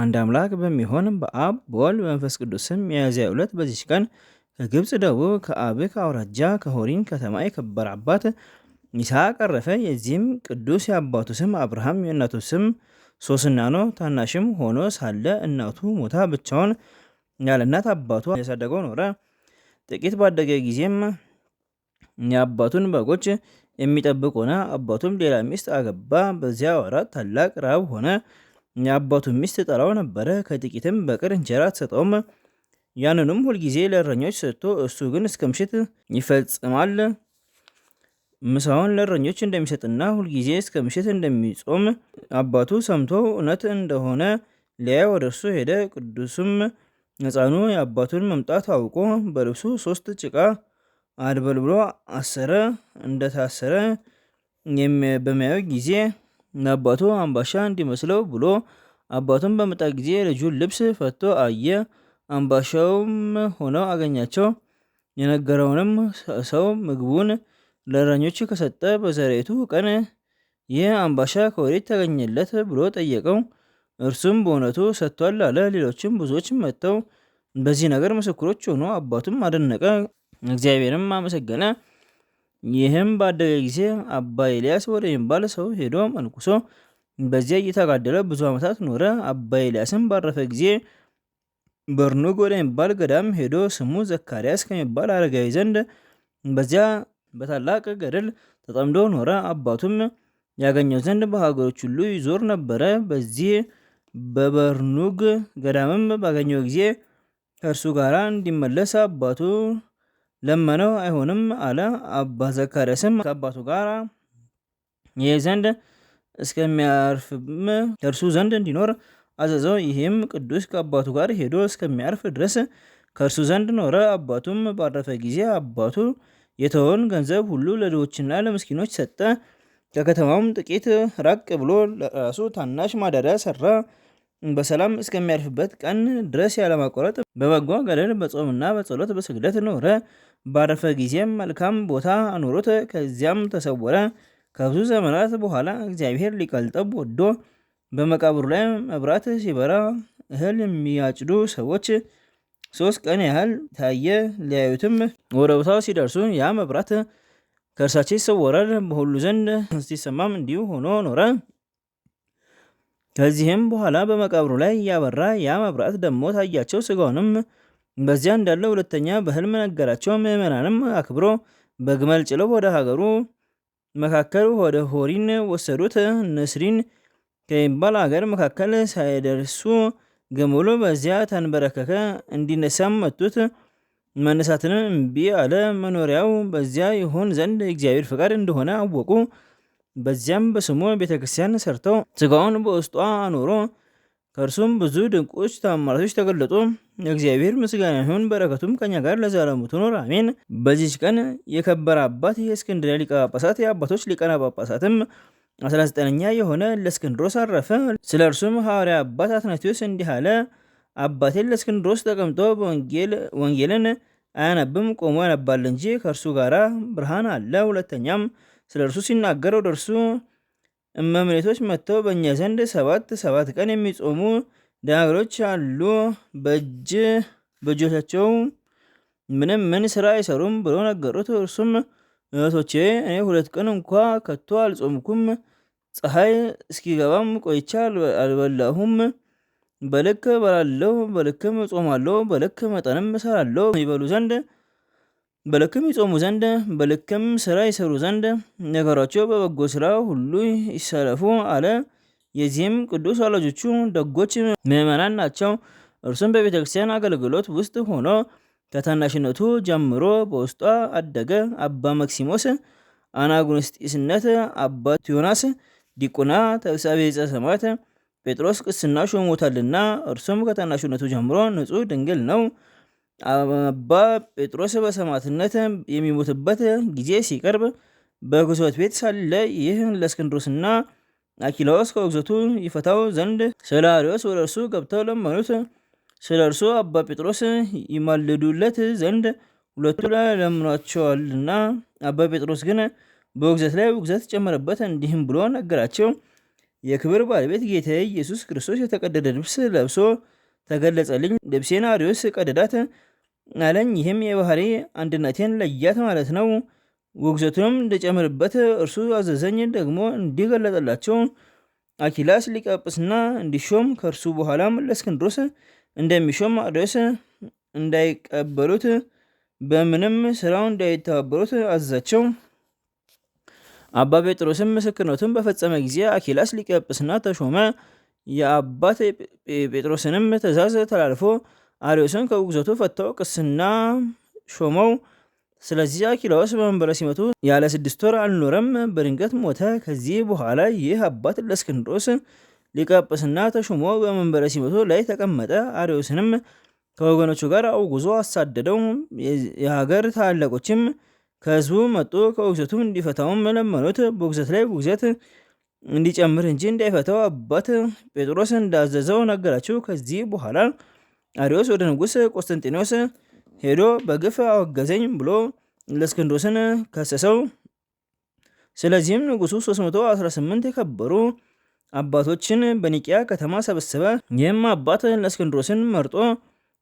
አንድ አምላክ በሚሆን በአብ በወልድ በመንፈስ ቅዱስ ስም ሚያዝያ ሁለት በዚች ቀን ከግብፅ ደቡብ ከአብክ አውራጃ ከሆሪን ከተማ የከበረ አባት ይስሐቅ አረፈ። የዚህም ቅዱስ የአባቱ ስም አብርሃም የእናቱ ስም ሶስና ነው። ታናሽም ሆኖ ሳለ እናቱ ሞታ ብቻውን ያለ እናት አባቱ ያሳደገው ኖረ። ጥቂት ባደገ ጊዜም የአባቱን በጎች የሚጠብቅ ሆነ። አባቱም ሌላ ሚስት አገባ። በዚያ ወራት ታላቅ ራብ ሆነ። የአባቱ ሚስት ጠላው ነበረ። ከጥቂትም በቀር እንጀራ አትሰጠውም። ያንንም ሁልጊዜ ለእረኞች ሰጥቶ እሱ ግን እስከ ምሽት ይፈጽማል። ምሳውን ለእረኞች እንደሚሰጥና ሁልጊዜ እስከ ምሽት እንደሚጾም አባቱ ሰምቶ እውነት እንደሆነ ሊያይ ወደ እርሱ ሄደ። ቅዱስም ሕፃኑ የአባቱን መምጣት አውቆ በልብሱ ሶስት ጭቃ አድበልብሎ አሰረ። እንደታሰረ በሚያየው ጊዜ አባቱ አምባሻ እንዲመስለው ብሎ አባቱን በመጣ ጊዜ የልጁን ልብስ ፈቶ አየ። አምባሻውም ሆነው አገኛቸው። የነገረውንም ሰው ምግቡን ለእረኞች ከሰጠ በዘሬቱ ቀን ይህ አምባሻ ከወዴት ተገኘለት ብሎ ጠየቀው። እርሱም በእውነቱ ሰጥቷል አለ። ሌሎችም ብዙዎች መጥተው በዚህ ነገር ምስክሮች ሆኖ አባቱም አደነቀ፣ እግዚአብሔርም አመሰገነ። ይህም ባደገ ጊዜ አባ ኤልያስ ወደሚባል ሰው ሄዶ መንኩሶ በዚያ እየተጋደለ ብዙ ዓመታት ኖረ። አባ ኤልያስም ባረፈ ጊዜ በርኑግ ወደሚባል ገዳም ሄዶ ስሙ ዘካርያስ ከሚባል አረጋዊ ዘንድ በዚያ በታላቅ ገድል ተጠምዶ ኖረ። አባቱም ያገኘው ዘንድ በሀገሮች ሁሉ ይዞር ነበረ። በዚህ በበርኑግ ገዳምም ባገኘው ጊዜ ከእርሱ ጋር እንዲመለስ አባቱ ለመነው፣ አይሆንም አለ። አባ ዘካርያስም ከአባቱ ጋር ይህ ዘንድ እስከሚያርፍም ደርሱ ዘንድ እንዲኖር አዘዘው። ይህም ቅዱስ ከአባቱ ጋር ሄዶ እስከሚያርፍ ድረስ ከእርሱ ዘንድ ኖረ። አባቱም ባረፈ ጊዜ አባቱ የተወውን ገንዘብ ሁሉ ለድሆችና ለምስኪኖች ሰጠ። ከከተማውም ጥቂት ራቅ ብሎ ለራሱ ታናሽ ማደሪያ ሰራ። በሰላም እስከሚያርፍበት ቀን ድረስ ያለማቋረጥ በበጎ አገድር በጾምና በጸሎት በስግደት ኖረ። ባረፈ ጊዜም መልካም ቦታ አኖሩት፣ ከዚያም ተሰወረ። ከብዙ ዘመናት በኋላ እግዚአብሔር ሊቀልጠብ ወዶ በመቃብሩ ላይ መብራት ሲበራ እህል የሚያጭዱ ሰዎች ሶስት ቀን ያህል ታየ። ሊያዩትም ወደ ቦታው ሲደርሱ ያ መብራት ከእርሳቸው ይሰወራል። በሁሉ ዘንድ ሲሰማም እንዲሁ ሆኖ ኖረ። ከዚህም በኋላ በመቃብሩ ላይ እያበራ ያ መብራት ደሞ ታያቸው። ስጋውንም በዚያ እንዳለ ሁለተኛ በህልም ነገራቸው። ምዕመናንም አክብሮ በግመል ጭለው ወደ ሀገሩ መካከል ወደ ሆሪን ወሰዱት። ንስሪን ከሚባል ሀገር መካከል ሳይደርሱ ግመሉ በዚያ ተንበረከከ። እንዲነሳም መቱት። መነሳትንም እምቢ አለ። መኖሪያው በዚያ ይሆን ዘንድ እግዚአብሔር ፈቃድ እንደሆነ አወቁ። በዚያም በስሙ ቤተ ክርስቲያን ሰርተው ስጋውን በውስጧ አኖሮ ከእርሱም ብዙ ድንቆች ተአምራቶች ተገለጡ። እግዚአብሔር ምስጋና ይሁን፣ በረከቱም ከኛ ጋር ለዘላለሙ ትኖር አሜን። በዚች ቀን የከበረ አባት የእስክንድርያ ሊቀ ጳጳሳት የአባቶች ሊቀና ጳጳሳትም 19ኛ የሆነ ለእስክንድሮስ አረፈ። ስለ እርሱም ሐዋርያ አባት አትናቴዎስ እንዲህ አለ። አባቴ ለእስክንድሮስ ተቀምጦ ወንጌልን አያነብም፣ ቆሞ ያነባል እንጂ ከእርሱ ጋራ ብርሃን አለ። ሁለተኛም ስለ እርሱ ሲናገር ወደ እርሱ እመምኔቶች መጥተው በእኛ ዘንድ ሰባት ሰባት ቀን የሚጾሙ ደናግሎች አሉ፣ በእጅ በእጆቻቸው ምንም ምን ስራ አይሰሩም ብሎ ነገሩት። እርሱም እህቶቼ፣ እኔ ሁለት ቀን እንኳ ከቶ አልጾምኩም፣ ፀሐይ እስኪገባም ቆይቻ አልበላሁም። በልክ እበላለሁ፣ በልክም እጾማለሁ፣ በልክ መጠንም እሰራለሁ ይበሉ ዘንድ በልክም ይጾሙ ዘንድ በልክም ስራ ይሰሩ ዘንድ ነገራቸው በበጎ ስራ ሁሉ ይሰለፉ አለ። የዚህም ቅዱስ ወላጆቹ ደጎች ምዕመናን ናቸው። እርሱም በቤተ ክርስቲያን አገልግሎት ውስጥ ሆኖ ከታናሽነቱ ጀምሮ በውስጧ አደገ። አባ መክሲሞስ አናጉንስጢስነት፣ አባ ቲዮናስ ዲቁና፣ ተብሳቤ ዕፀ ሰማዕት ጴጥሮስ ቅስና ሾሞታልና። እርሱም ከታናሽነቱ ጀምሮ ንጹሕ ድንግል ነው። አባ ጴጥሮስ በሰማዕትነት የሚሞትበት ጊዜ ሲቀርብ በግዞት ቤት ሳለ ይህን ለእስክንድሮስና አኪላዎስ ከውግዘቱ ይፈታው ዘንድ ስለ አርዮስ ወደ እርሱ ገብተው ለመኑት። ስለ እርሱ አባ ጴጥሮስ ይማልዱለት ዘንድ ሁለቱ ለምኗቸዋልና፣ አባ ጴጥሮስ ግን በውግዘት ላይ ውግዘት ጨመረበት። እንዲህም ብሎ ነገራቸው። የክብር ባለቤት ጌታ ኢየሱስ ክርስቶስ የተቀደደ ልብስ ለብሶ ተገለጸልኝ። ልብሴን አርዮስ ቀደዳት። አለኝ። ይህም የባህሪ አንድነቴን ለያት ማለት ነው። ውግዘቱንም እንደጨምርበት እርሱ አዘዘኝ። ደግሞ እንዲገለጠላቸው አኪላስ ሊቀጵስና እንዲሾም ከእርሱ በኋላም ለእስክንድሮስ እንደሚሾም አዶስ እንዳይቀበሉት በምንም ስራው እንዳይተባበሩት አዘዛቸው። አባ ጴጥሮስም ምስክርነቱን በፈጸመ ጊዜ አኪላስ ሊቀጵስና ተሾመ። የአባት ጴጥሮስንም ትእዛዝ ተላልፎ አርዮስን ከጉግዘቱ ፈተው ቅስና ሾመው። ስለዚህ አኪላዎስ በመንበረ ሲመቱ ያለ ስድስት ወር አልኖረም፣ በድንገት ሞተ። ከዚህ በኋላ ይህ አባት ለእስክንድሮስ ሊቀ ጵጵስና ተሾሞ በመንበረ ሲመቱ ላይ ተቀመጠ። አርዮስንም ከወገኖቹ ጋር አውጉዞ አሳደደው። የሀገር ታላላቆችም ከህዝቡ መጡ። ከውግዘቱ እንዲፈታውም ለመኑት። በውግዘት ላይ ውግዘት እንዲጨምር እንጂ እንዳይፈታው አባት ጴጥሮስ እንዳዘዘው ነገራቸው። ከዚህ በኋላ አሪዮስ ወደ ንጉሥ ቆስጠንጢኖስ ሄዶ በግፍ አወገዘኝ ብሎ እለእስክንድሮስን ከሰሰው። ስለዚህም ንጉሱ 318 የከበሩ አባቶችን በኒቂያ ከተማ ሰበሰበ። ይህም አባት ለስክንድሮስን መርጦ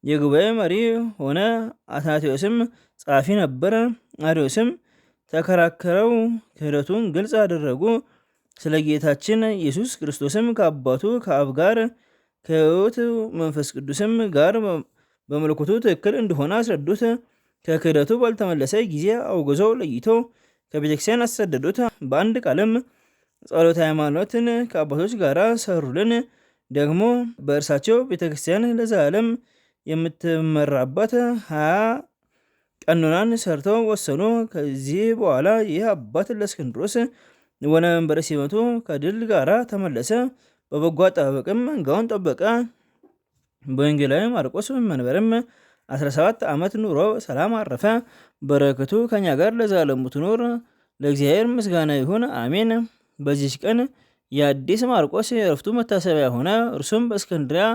የጉባኤ መሪ ሆነ። አታቴዎስም ጸሐፊ ነበር። አሪዮስም ተከራከረው፣ ክህደቱን ግልጽ አደረጉ። ስለ ጌታችን ኢየሱስ ክርስቶስም ከአባቱ ከአብ ጋር ከሕይወት መንፈስ ቅዱስም ጋር በመለኮቱ ትክክል እንደሆነ አስረዱት። ከክህደቱ ባልተመለሰ ጊዜ አውግዞ ለይቶ ከቤተክርስቲያን አሰደዱት። በአንድ ቃልም ጸሎተ ሃይማኖትን ከአባቶች ጋር ሰሩልን። ደግሞ በእርሳቸው ቤተክርስቲያን ለዘላለም የምትመራባት ሀያ ቀኖናን ሰርቶ ወሰኑ። ከዚህ በኋላ ይህ አባት ለእስክንድሮስ ወደ መንበረ ሲመቱ ከድል ጋር ተመለሰ። በበጎ አጠባበቅም መንጋውን ጠበቀ። በወንጌላዊ ማርቆስ መንበርም 17 ዓመት ኑሮ ሰላም አረፈ። በረከቱ ከኛ ጋር ለዛለሙ ትኑር። ለእግዚአብሔር ምስጋና ይሁን አሜን። በዚች ቀን የአዲስ ማርቆስ የእረፍቱ መታሰቢያ ሆነ። እርሱም በእስክንድሪያ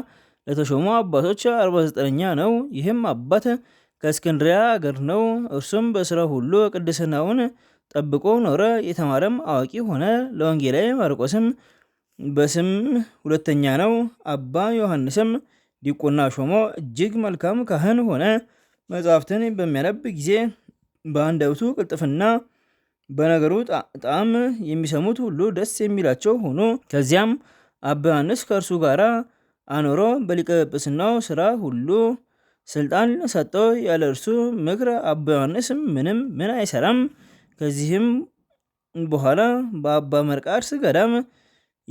ለተሾሙ አባቶች 49ኛ ነው። ይህም አባት ከእስክንድሪያ አገር ነው። እርሱም በስራ ሁሉ ቅድስናውን ጠብቆ ኖረ። የተማረም አዋቂ ሆነ። ለወንጌላዊ ማርቆስም በስም ሁለተኛ ነው። አባ ዮሐንስም ዲቁና ሾሞ እጅግ መልካም ካህን ሆነ። መጽሐፍትን በሚያነብ ጊዜ በአንደበቱ ቅልጥፍና በነገሩ ጣዕም የሚሰሙት ሁሉ ደስ የሚላቸው ሆኑ ከዚያም አባ ዮሐንስ ከእርሱ ጋር አኖሮ በሊቀ ጵጵስናው ስራ ሁሉ ስልጣን ሰጠው። ያለ እርሱ ምክር አባ ዮሐንስ ምንም ምን አይሰራም። ከዚህም በኋላ በአባ መርቃርስ ገዳም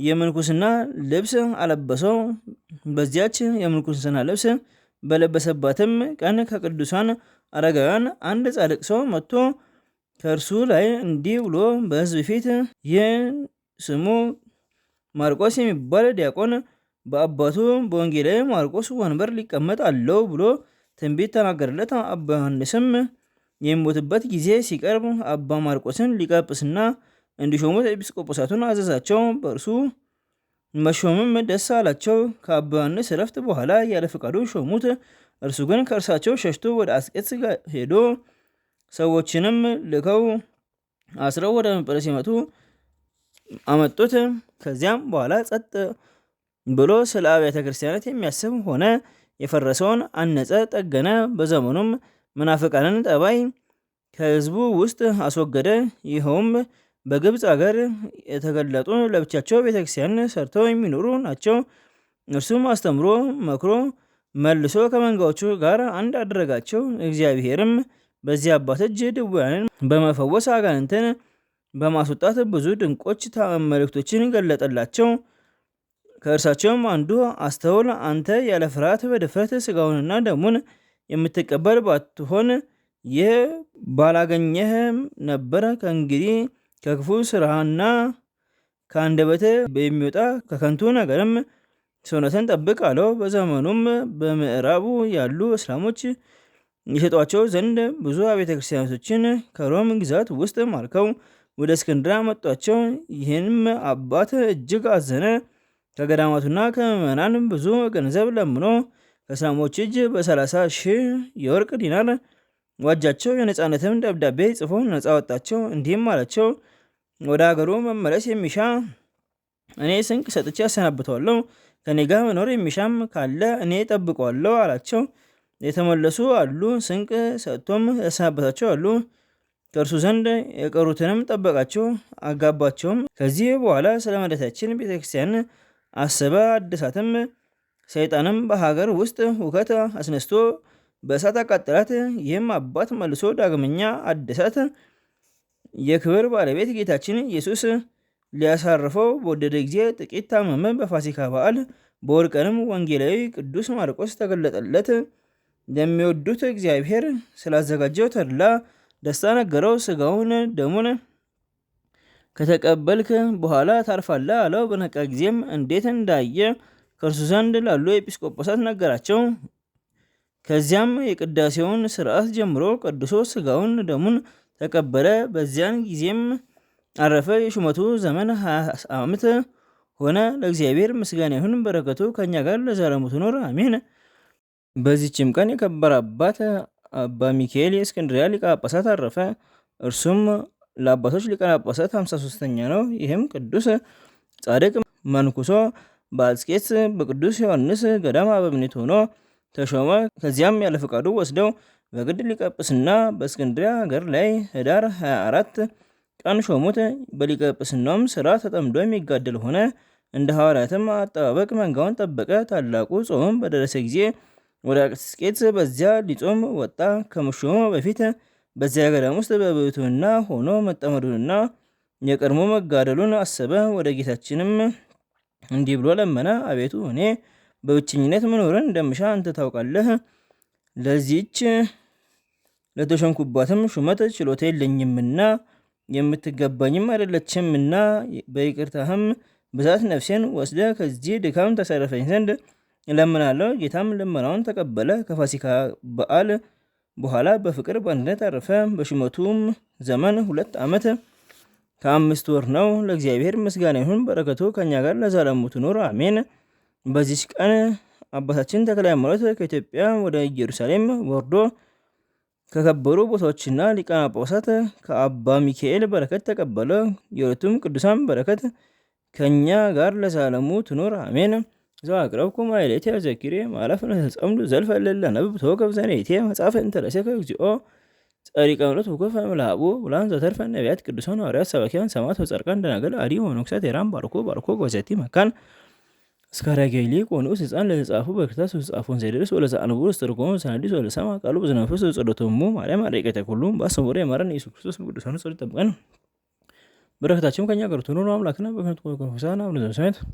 የምንኩስና ልብስ አለበሰው። በዚያች የምንኩስና ልብስ በለበሰባትም ቀን ከቅዱሳን አረጋውያን አንድ ጻድቅ ሰው መጥቶ ከእርሱ ላይ እንዲህ ብሎ በሕዝብ ፊት ይህ ስሙ ማርቆስ የሚባል ዲያቆን በአባቱ በወንጌላዊ ማርቆስ ወንበር ሊቀመጥ አለው ብሎ ትንቢት ተናገረለት። አባ ዮሐንስም የሚሞትበት ጊዜ ሲቀርብ አባ ማርቆስን ሊቀጵስና እንዲሾሙት ኤጲስቆጶሳቱን አዘዛቸው። በእርሱ መሾምም ደስ አላቸው። ከአባ ዮሐንስ በኋላ ያለ ፈቃዱ ሾሙት። እርሱ ግን ከእርሳቸው ሸሽቶ ወደ አስቄጥስ ሄዶ ሰዎችንም ልከው አስረው ወደ መቅደስ ሲመጡ አመጡት። ከዚያም በኋላ ጸጥ ብሎ ስለ አብያተ ክርስቲያናት የሚያስብ ሆነ። የፈረሰውን አነጸ፣ ጠገነ። በዘመኑም መናፍቃንን ጠባይ ከህዝቡ ውስጥ አስወገደ። ይኸውም በግብፅ ሀገር የተገለጡ ለብቻቸው ቤተክርስቲያን ሰርተው የሚኖሩ ናቸው። እርሱም አስተምሮ መክሮ መልሶ ከመንጋዎቹ ጋር አንድ አደረጋቸው። እግዚአብሔርም በዚህ አባት እጅ ድውያንን በመፈወስ አጋንንትን በማስወጣት ብዙ ድንቆች መልእክቶችን ገለጠላቸው። ከእርሳቸውም አንዱ አስተውል፣ አንተ ያለ ፍርሃት በድፍረት ስጋውንና ደሙን የምትቀበል ባትሆን ይህ ባላገኘህም ነበር። ከእንግዲህ ከክፉ ስራህና ከአንደበትህ የሚወጣ ከከንቱ ነገርም ሰውነትን ጠብቅ አለው። በዘመኑም በምዕራቡ ያሉ እስላሞች የሸጧቸው ዘንድ ብዙ አብያተ ክርስቲያናቶችን ከሮም ግዛት ውስጥ ማርከው ወደ እስክንድራ መጧቸው። ይህንም አባት እጅግ አዘነ። ከገዳማቱና ከምዕመናን ብዙ ገንዘብ ለምኖ ከእስላሞች እጅ በሰላሳ ሺህ የወርቅ ዲናር ዋጃቸው። የነፃነትም ደብዳቤ ጽፎ ነፃ ወጣቸው። እንዲህም አላቸው ወደ ሀገሩ መመለስ የሚሻ እኔ ስንቅ ሰጥቼ ያሰናብተዋለሁ። ከኔ ጋር መኖር የሚሻም ካለ እኔ ጠብቀዋለሁ አላቸው። የተመለሱ አሉ፣ ስንቅ ሰጥቶም ያሰናበታቸው አሉ። ከእርሱ ዘንድ የቀሩትንም ጠበቃቸው፣ አጋባቸውም። ከዚህ በኋላ ስለ ቤተክርስቲያን አሰበ፣ አድሳትም ሰይጣንም በሀገር ውስጥ ሁከት አስነስቶ በእሳት አቃጠላት። ይህም አባት መልሶ ዳግመኛ አድሳት። የክብር ባለቤት ጌታችን ኢየሱስ ሊያሳርፈው በወደደ ጊዜ ጥቂት ታመመ። በፋሲካ በዓል በወር ቀንም ወንጌላዊ ቅዱስ ማርቆስ ተገለጠለት። ለሚወዱት እግዚአብሔር ስላዘጋጀው ተድላ ደስታ ነገረው። ስጋውን ደሙን ከተቀበልክ በኋላ ታርፋለህ አለው። በነቃ ጊዜም እንዴት እንዳየ ከእርሱ ዘንድ ላሉ ኤጲስቆጶሳት ነገራቸው። ከዚያም የቅዳሴውን ስርዓት ጀምሮ ቀድሶ ስጋውን ደሙን ተቀበለ። በዚያን ጊዜም አረፈ። የሹመቱ ዘመን ሃያ ዓመት ሆነ። ለእግዚአብሔር ምስጋና ይሁን፣ በረከቱ ከእኛ ጋር ለዘላለሙ ትኖር አሜን። በዚችም ቀን የከበረ አባት አባ ሚካኤል የእስክንድሪያ ሊቀ ጳጳሳት አረፈ። እርሱም ለአባቶች ሊቀ ጳጳሳት 53ኛ ነው። ይህም ቅዱስ ጻድቅ መንኩሶ በአስቄት በቅዱስ ዮሐንስ ገዳም አበምኔት ሆኖ ተሾመ። ከዚያም ያለ ፈቃዱ ወስደው በግድ ሊቀ በእስክንድሪያ ሀገር ላይ ህዳር 24 ቀን ሾሙት። በሊቀ ስራ ተጠምዶ የሚጋደል ሆነ። እንደ ሐዋርያትም አጠባበቅ መንጋውን ጠበቀ። ታላቁ ጾምም በደረሰ ጊዜ ወደ አቅስቄት በዚያ ሊጾም ወጣ። ከመሾሙ በፊት በዚያ ገዳም ውስጥ በብሕትውና ሆኖ መጠመዱንና የቀድሞ መጋደሉን አሰበ። ወደ ጌታችንም እንዲህ ብሎ ለመነ። አቤቱ እኔ በብቸኝነት መኖርን እንደምሻ አንተ ታውቃለህ። ለዚህች ለተሸንኩባትም ሹመት ችሎታ የለኝምና የምትገባኝም አይደለችምና በይቅርታህም ብዛት ነፍሴን ወስደ ከዚህ ድካም ተሰረፈኝ ዘንድ እለምናለሁ። ጌታም ልመናውን ተቀበለ። ከፋሲካ በዓል በኋላ በፍቅር በአንድነት አረፈ። በሹመቱም ዘመን ሁለት ዓመት ከአምስት ወር ነው። ለእግዚአብሔር ምስጋና ይሁን፣ በረከቱ ከእኛ ጋር ለዘላለሙ ትኑር አሜን። በዚች ቀን አባታችን ተክለ ሃይማኖት ከኢትዮጵያ ወደ ኢየሩሳሌም ወርዶ ከከበሩ ቦታዎችና ሊቃነ ጳጳሳት ከአባ ሚካኤል በረከት ተቀበለ። የሁለቱም ቅዱሳን በረከት ከእኛ ጋር ለዛለሙ ትኑር አሜን። ዘአቅረብኩ ማኅሌተ ዘኪሬ ማለፍ ነተጸምዱ ዘልፈ ነብብ ተወከብ ዘኔቴ መጽሐፈ እንተ ረሴከ እግዚኦ ጸሪቀ ምሎት ውኮፈ ምልአቡ ውላን ዘተርፈ ነቢያት ቅዱሳን ሐዋርያት ሰባኪያን ሰማዕት ወጻድቃን ደናግል አዲ ወመነኮሳት ኤራን ባርኮ ባርኮ ወዘቲ መካን እስካሪያጊያ ሊቆኖስ ሕፃን ለተጻፉ በክርታስ ተጻፎን ዘደርስ ወለዛ አንቡር ስትርጎም ሰናዲስ ወለሰማ ቃሉ ብዝነፍስ ጸሎቶሙ ማርያም አረቀተ ኩሉም በአስቡረ የማረን ኢየሱስ ክርስቶስ ቅዱሳኑ ጸሎት ጠብቀን በረከታቸውም ከኛ ጋር ትኑር። አምላክና በክነት ቆቆሳና አብነ ዘሰማያት